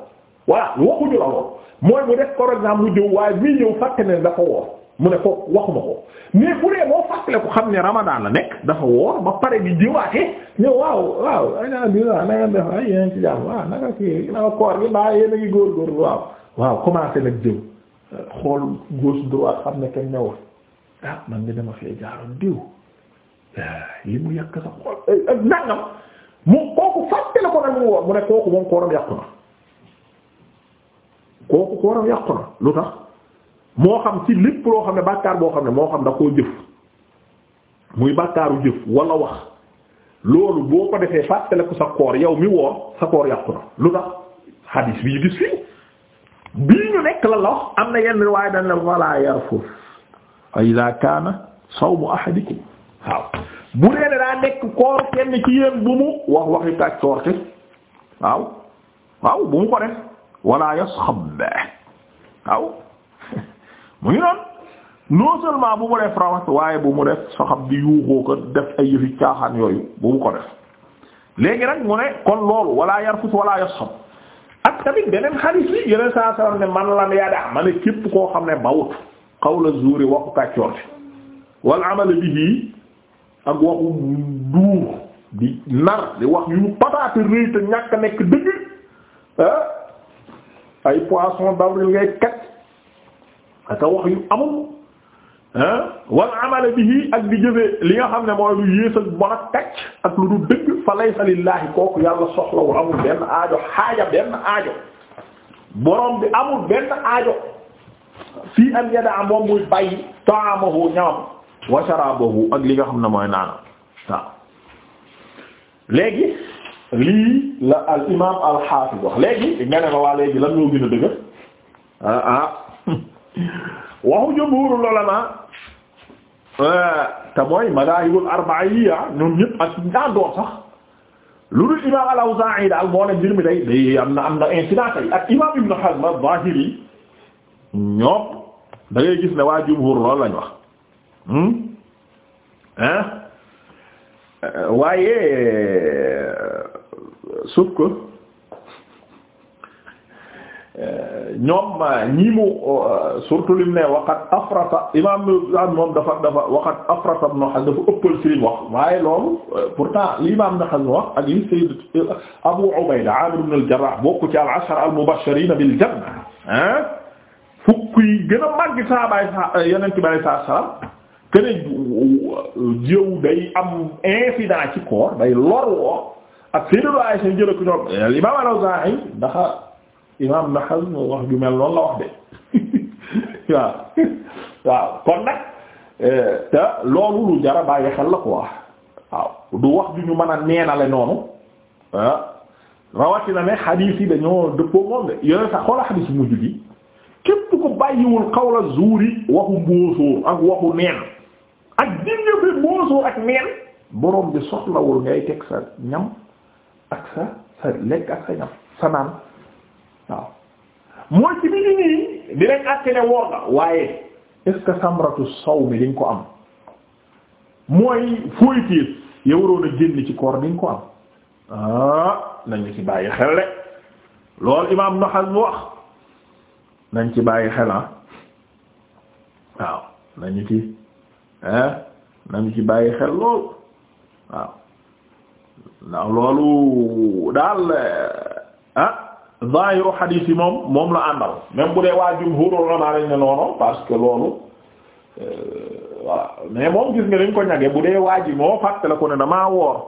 voilà waxuñu la lool mooy mu def par exemple dafa wóor. mu ne ko waxuma ko mais bu dee boo fàttale ko xam ne ramadan la nekk dafa woor ba pare bi jiwaate ne waaw waaw waaw na nga def waaw nanga ki nanga koor gi baa yéen ngi góorgóorlu waaw waaw commencé nag jëw xool gauche droite xam ne ah, ah, eh, ko nag mu woor mu ne kooku moom kooram yàqu na kooku kooram lu tax moo xam ci lépp loo xam ne bàkkaar boo xam ne moo xam da koo jëf muy bàkkaaru jëf wala wax loolu boo ko defee fàttaliku sa koor yow mi woor sa koor yàqu na lu tax hadis bi ñu gis fii bii ñu nekk la la am na yenn waaye dañ ne wala yarfus fa ida kaana sawmu ahadikum waaw bu dee ne daa nekk koor kenn ci yéen bu mu wax waxi tàj coorte waaw waaw bu mu ko def wala yasxab waaw mu ngi noonu non seulement bu mu def rawat waaye bu mu def saxab di yuuxoo ko def ay yëfi caaxaan yooyu bu mu ko def léegi nag mu ne kon loolu wala yarfus wala yasxab ak tamit beneen xalis bi yeneen saa sallam ne man lam yada ma ne képp koo xam ne bawut qawla zuuri waxu kàccoor fi wal amala bihi ak waxu duur di nar di wax yu pataate rëy te ñàkk nekk dëgg ah, ay poisson d'avril ngay kat aka wax yu amul ah wal bihi ak di jëfee li nga xam ne mooy lu yées ak lu du dëgg fa laysa lillaahi kooku yàlla soxlawul amul benn aajo xaaja benn aajo borom bi amul benn aajo fii an yadaa moom muy bàyyi ta'amahu ñaam wa sharabahu ak li nga xam ne mooy naana léegi lii la al imaam al xaafis wax léegi nga ne ma waa léegi lan ñoo gën a dëgg ah. ah. waxu jumhuurul ulamaa eh, te mooy madaahibul arba'a yi ñoom ñëpp ak ñaar sax lu dul imaam al-Awzaa'i daal moo ne mbir mi day day am na am na incidence yi ak imaam Ibn Hazm az-Zaahiri yi ñoom gis ne waa jumhuur loolu lañ wax hein hmm? eh? eh, waaye sauf ñoom euh, ñii mu euh, surtout lim ne waqat afrata imam an moom dafa dafa waqat afrata Ibn Hazm dafa ëppal ci liñ wax waaye loolu euh, li imam Ibn Hazm wax ak li sayyid Abu Ubayda Amir ibn al-Jarrah bokk ci al-ashara al-mubashirin bil janna ah fukk yi gën a màgg saabaay sa yeneen ci bari sa salam kene day am incident ci koor day lor woo ak sayyidatu Aisha jëlëko ñoom al imam al-Awza'i dafa imaam Ibn Hazm wax ju mel noonu la wax de waaw waaw eh, la quoi du wax ju ñu mën a neenale noonu ah rawatina ne xadiis yi dañoo dëppoo moom de yooyu sax xoola xadiis mujj bi képp ko bàyyiwul xawla zuuri waxu mbóosóor ak waxu neen ak jinga fi mbóosóor ak neen borom bi soxlawul ngay teg sa ñam ak sa sa lekk ak sa ñam sa naan waaw mooy ci biir dinañ àtte woor na waaye est ce que samratu saw mi dañ ko am mooy fooy tiir ya waroon a génn ci koor dañ ko am ah nañu ci bàyyi xel de loolu imaam Ibn Hazm wax nañ ci bàyyi xel ah waaw nañu ci ah nañu ci bàyyi xel lool waaw ndax loolu daal. zahiru xadiis yi moom moom la àndal même bu dee waa jumhuur ulama lañ ne noonu parce que loolu euh, voilà mais moom gis nga dañ ko ñage bu dee waa ji moo fàtte la ko ne damaa woor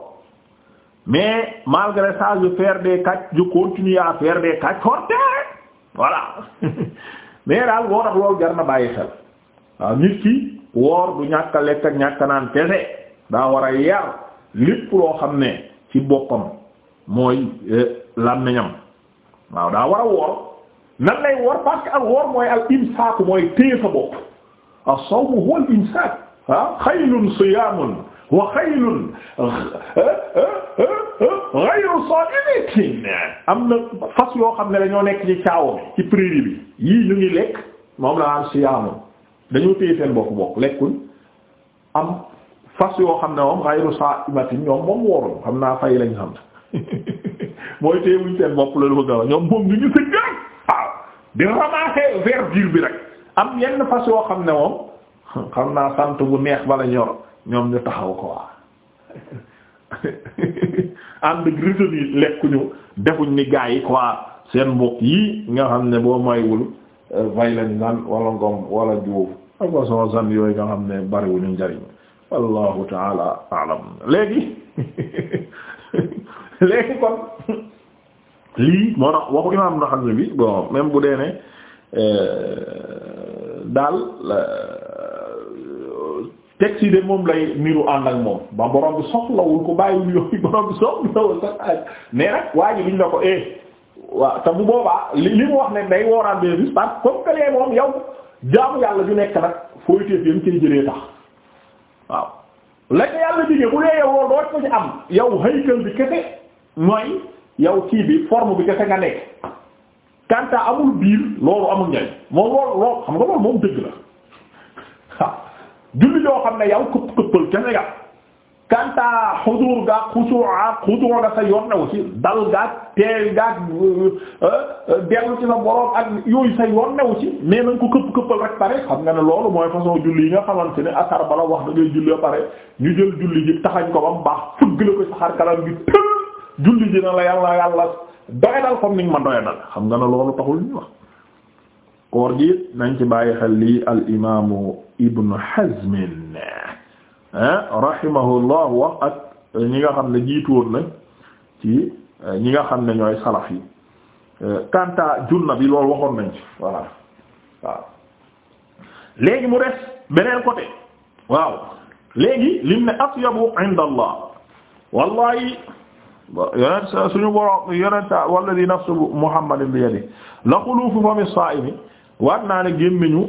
mais malgré ça je faire des quatre je continue à faire des quatre forte voilà <laughs> mais daal boo tax loolu jar na bàyyi xel waaw nit ki woor du ñàkk a lekk ak ñàkk naan kese daa war a yar lépp loo xam ne ci boppam mooy euh, làmmiñam waaw daa war a woor nan lay woor parce que woor mooy al imsaak mooy téye sa bopp as-sawm huwa al imsaak ah xaylun siyaamun wa am na fas yoo xam ne lañoo nekk ci caawa ci prairie bi yii ñu ngi lekk moom la am siyaamun dañoo téye seen bopp bokk lekkuñ am fas yoo xam ne moom ghayru sa'imatin ñoom moom wooruñ xam naa fay lañ xam. <laughs> mooy teewuñ seen bopp la dafa gaaw ñoom moom ñu ngi sëñ gërëm di ramasser verdure bi rek am yenn fas xam ne moom xam naa sant bu neex bala ñor ñoom ñu taxaw ko waa <laughs> ànd ak yi lekkuñu defuñ ni gaa yi quoi seen mbokk yi nga xam ne boo maywul vay euh, lañ naan wala ngom wala juuf ak façon san yooyu nga xam ne bariwuñu njariñ wallahu taala alam léegi <laughs> léegi kon lii moo tax waxu imaam na xam ne bi bon même bu dee ne euh, daal texte yi de moom lay niru ànd moom ba borom bi soxlawul ko bàyyiwul yooyu borom bi soxlawul sax ak mais nag waa ji liñ la ko eh waaw te boobaa li li mu wax ne day wooraan bee bis parce comme que lee moom yow jaamu yàlla ju nekk nag fooy téef yam ciy jëlee tax waaw la ko yàlla digee bu dee yow loolu doo ko ci am yow haykal bi kese mooy yow kii bi forme bi kese nga nekk kanta amul biir loolu amul njariñ moom loolu loolu xam nga loolu moom dëgg la julli yoo xam ne yow këpp këppal kese nga kanta xudur gaag xusuur ak xudur nga sa yoon ne si dal gaag teel gaag euh, euh, dellu ci sa boroom ak yooyu sa yoon ne aussi mais nañ ko këpp këppal rek pare xam nga ne loolu mooy façon julli yi nga xamante ne asar bala wax da ngay julli pare ñu jël julli ji taxañ ko ba mu baax fëgg la ko sa julli dina la yàlla yàlla doyadal comme ni ma doyadal xam nga ne loolu taxul ñu wax koor gi nañ ci bàyyi xel lii al imaamu ibnu Hazm ah, wax ak ñi nga xam ne jiitu woon na ci eh, ñi nga xam ne ñooy salaf yi eh, kanta junna bi loolu waxoon nañ ci voilà waaw léegi mu des beneen côté waaw léegi lim ne atyabu wallahi yonent sa suñu borom yonent sa walladi nafsu muhammadin bi yadi la xuluufu fami saa'imi waat naa ne gémmiñu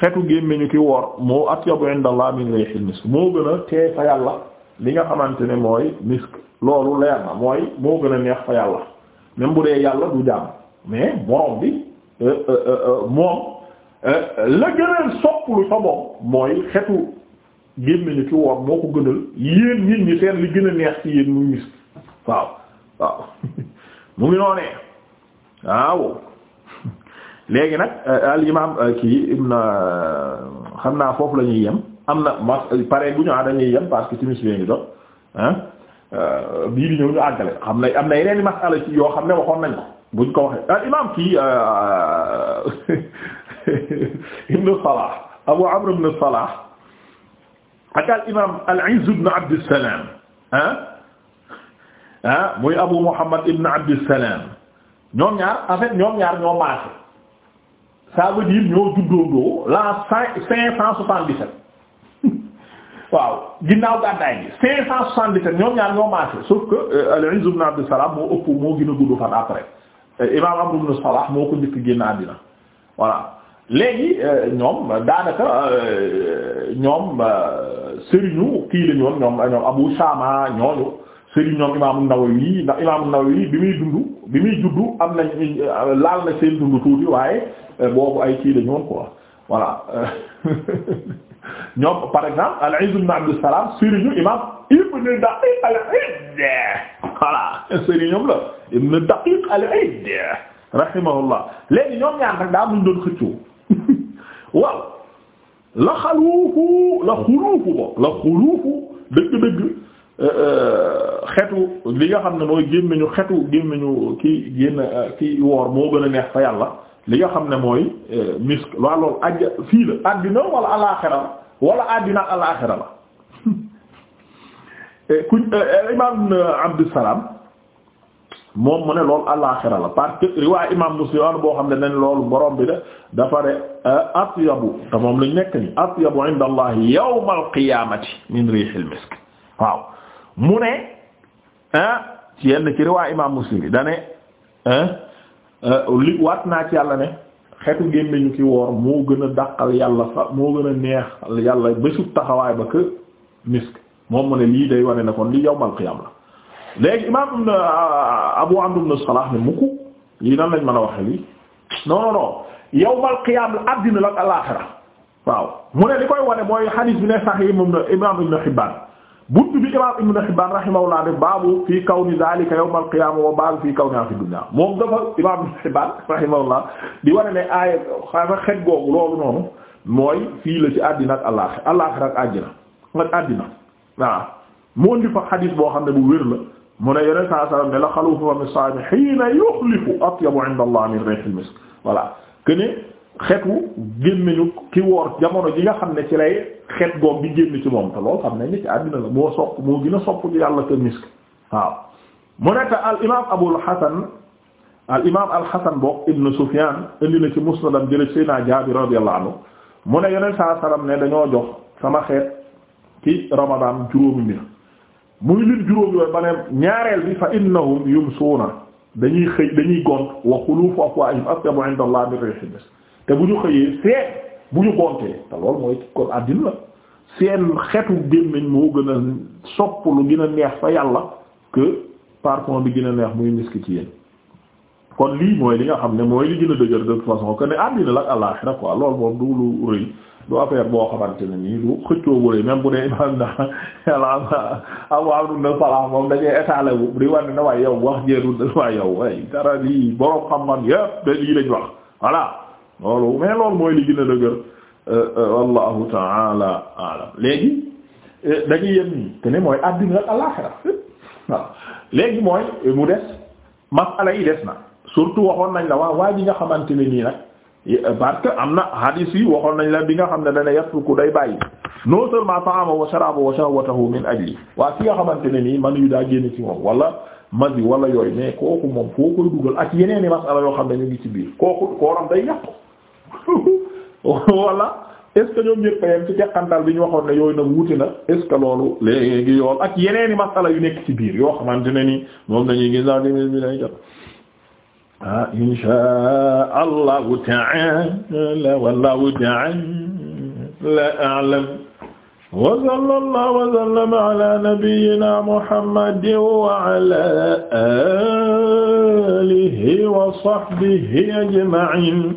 xetu gémmiñu ki woor moo atyabu indallah min rihil misk moo gën a teey fa yàlla li nga xamante ne mooy misk loolu leer na mooy moo gën a neex fa yàlla même bu dee yàlla du jàmm mais borom bi euh, euh, euh, moom la gënal sopplu fa moom mooy xetu gémmiñu ki woor moo ko gënal yéen nit ñi seen li gën a neex ci yéen muy misk waaw waaw <laughs> mu ngi noonee waaw <laughs> léegi nag euh, al imaam euh, kii ibn euh, xam naa foofu la ñuy yem am na mas pare bu ñu ah dañuy yem parce que timis bee ngi jot ah bii di ñëw ñu àggale xam na am na yeneen masala ci yoo xam ne waxoon nañ ko buñ ko waxee al imaam kii <laughs> ibn Salah Abu Amr ibn Salah ak al imaam al Izz ibn Abd Salam ah. ah muy Abu Muhammad ibn Abdissalam ñoom ñaar en fait ñoom ñaar ñoo maase ça veut dire ñoo juddoondoo la cinq cinq soixante-dix-sept <laughs> waaw ginnaaw gàddaay gi cinq cent soixante-dix-sept maase sauf que euh, al-Izz ibn Abdissalam moo ëpp moo gën a fan après euh, Imam Amr ibn Salah moo ko njëkk génn àddina voilà léegi euh, ñoom daanaka ñoom sëriñu kii la ñoon ñoom ñoom Abu Shama ñooñu sëriñ ñoom imaamu Nawawi ndax imaamu Nawawi bi muy dund bi muy juddu am nañ laal na seen dund tuuti waaye euh, boobu ay kii la ñoon quoi <laughs> ñoom par exemple al-Izz ibn Abd as imaam Ibn Daqiq al-Id voilà ñoom ñaar nag daa muñ doon xëccoo <laughs> waaw la xaluufu la xuluufu bo la xuluufu dëgg-dëgg Euh, euh, xetu li nga xam ne mooy gémmiñu xetu gémmiñu ki génn euh, ki woor moo gën a neex fa yàlla li nga xam ne mooy misk waa loolu ajja fii la àddina wala alaaxira la wala àddina alaaxira la <laughs> ku imaam Muslim an boo xam ne dañ loolu borom bi de dafa ne atyabu te moom lañ nekk ni atyabu inda Allah yawmal qiyaamati min riihil misk waaw mu ne ah ci yenn ci riwaa imaam muslim bi da ne ah, ah, li wat naa ci yàlla ne xetu gémmiñu ki woor moo gën a dàqal yàlla fa moo gën a neexal yàlla bésu taxawaay ba kë misk moom mu ne lii day wane ne kon li yawmal qiyaam la léegi imaam ah, Abu Amr ibn Salah ne mukk lii nan lañ mën a waxe lii non non non yawmal la addina la ak alaaxira waaw mu ne li koy wane mooy xadiis bi ne sax yi moom na imaam Ibn Hibbaan buntu bi imaam ibn Hibbaan rahimahullah def baabu fii kawni zaalika yawmal qiyaama wa baabu fii kawnihaa fi dunyaa moom dafa imaam ibn Hibbaan rahimahullah di wane ne aaya xaaral xet googu loolu noonu mooy fii la ci àddina ak àllaaxira àllaaxira ak àddina ak àddina waaw moo indi fa xadiis boo xam ne bu wér la mu ne yeneen saa salaam ne la xaluufu fami saami hiina yuxlifu atyabu inda Allah min riihil misk voilà que ne xetu gémmiñu ki woor jamono ji nga xam ne ci lay xet goog bi génn ci moom te lool xam ne ni ci àddina la moo sopp moo gina a sopp ci yàlla te misk waaw mu nekk al imaam abul hasan al imaam al hasan ibn sufyan indi na ci musnadam jële sayna jaabir radiyallahu anhu mu ne yeneen saa salaam ne dañoo jox sama xeet ci ramadan juróomi mbir muy lim juróom yooyu ba ne ñaareel bi fa innahum yumsuuna dañuy xëy dañuy gont wa xuluufu afwaahim atyabu inda allah min riihi misk te bu ñu xëyee seet bu ñu gontee te loolu mooy kon àddina la seen xetu gémmiñ moo gën a sopp lu gën a neex fa yàlla que parfum bi gën a neex muy miski ci yéen kon lii mooy li nga xam ne mooy li gën a dëgër de toute façon que ne àddina la ak àllaaxira quoi lool moom du lu rëy du affaire boo xamante ne nii du xëccoo bu rëy même bu dee imam na yàlla am am na salaam moom dañuy étaler wu di wane ne waaye yow wax jeeru waaye yow way dara lii borom xam-xam yëpp da loolu mais loolu mooy li gën a dëgër euh, euh, wallahu taala alam léegi euh, dañuy yem nii te ne mooy àddina ak alaaxira waaw léegi mooy mu des masala yi des na surtout waxoon nañ la waa waa ji nga xamante ne nii nag parce am na hadith yi waxoon nañ la bi nga xam ne dana yatruku day bàyyi non seulement ta'ama wa sharaba wa shahwatahu min ajli waa ki nga xamante ne nii man yu daa génn ci moom wala magi wala yooyu mais kooku moom foo koy dugal ak yeneen i masala yoo xam ne ñu ngi ci biir kooku kooram day yàqu wala <laughs> est ce que ñoom ñëpp yam ci teqantal bi ñu waxoon ne yooyu nag wuti na est ce que loolu léegi yool ak yeneeni masala yu nekk ci biir yoo xamante ne ni moom dañuy gis daa di bi lay jot ah insha allahu ta'ala wallahu ta'ala a'lam wa sallallahu wa sallama ala nabiyyina muhammadin wa ala alihi wa sahbihi ajma'in